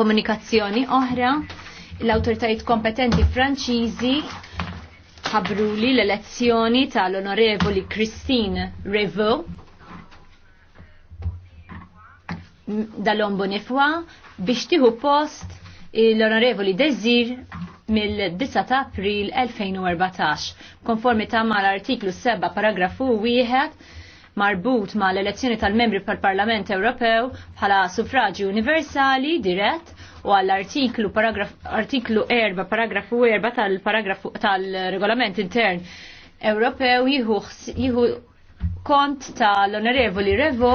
Komunikazzjoni oħra, l-autoritajiet kompetenti franċiżi ħabruli l-elezzjoni tal-onorevoli Christine Revo dal ombo Bonifwa biex tiħu post l-onorevoli Desir mill-9 ta' april 2014 konformi ta' mal artiklu 7 paragrafu 1 marbut ma l-elezzjoni tal-membri pal-Parlament Ewropew bħala suffraġi universali dirett u għall-artiklu artiklu 4 paragrafu 4 tal-paragrafu tal-regolament intern Ewropew jieħu kont tal-Onorevoli Revo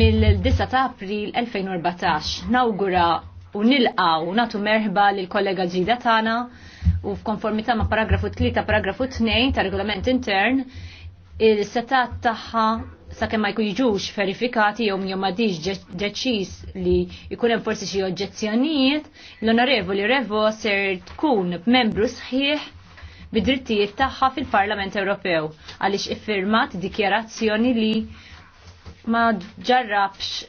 mill-9 ta' April 2014. Nawgura u nilqaw natu merħba lil kollega ġida Tana u f'konformità ma' paragrafu 3 paragrafu 2 tal regolament intern il-setat tagħha sakemm ma jkun jiġux verifikati jew jom m'għadix deċiż li jkun hemm forsi xi oġġezzjonijiet, l-Onorevoli Revo ser tkun membru sħiħ bid-drittijiet tagħha fil-Parlament Ewropew għaliex iffirmat dikjerazzjoni li ma ġarrabx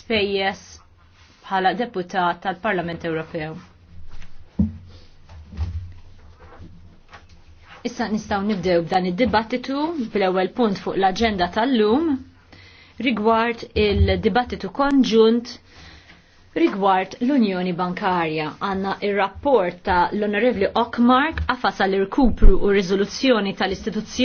spejjeż bħala deputat tal-Parlament Ewropew. issa nistaw nibdew b'dan id-dibattitu bl-ewwel punt fuq l-aġenda tal-lum rigward il-dibattitu konġunt rigward l-Unjoni Bankarja. Għanna ir-rapport ta' l-Onorevli Okmark għafas għal-irkupru u riżoluzzjoni tal-istituzzjoni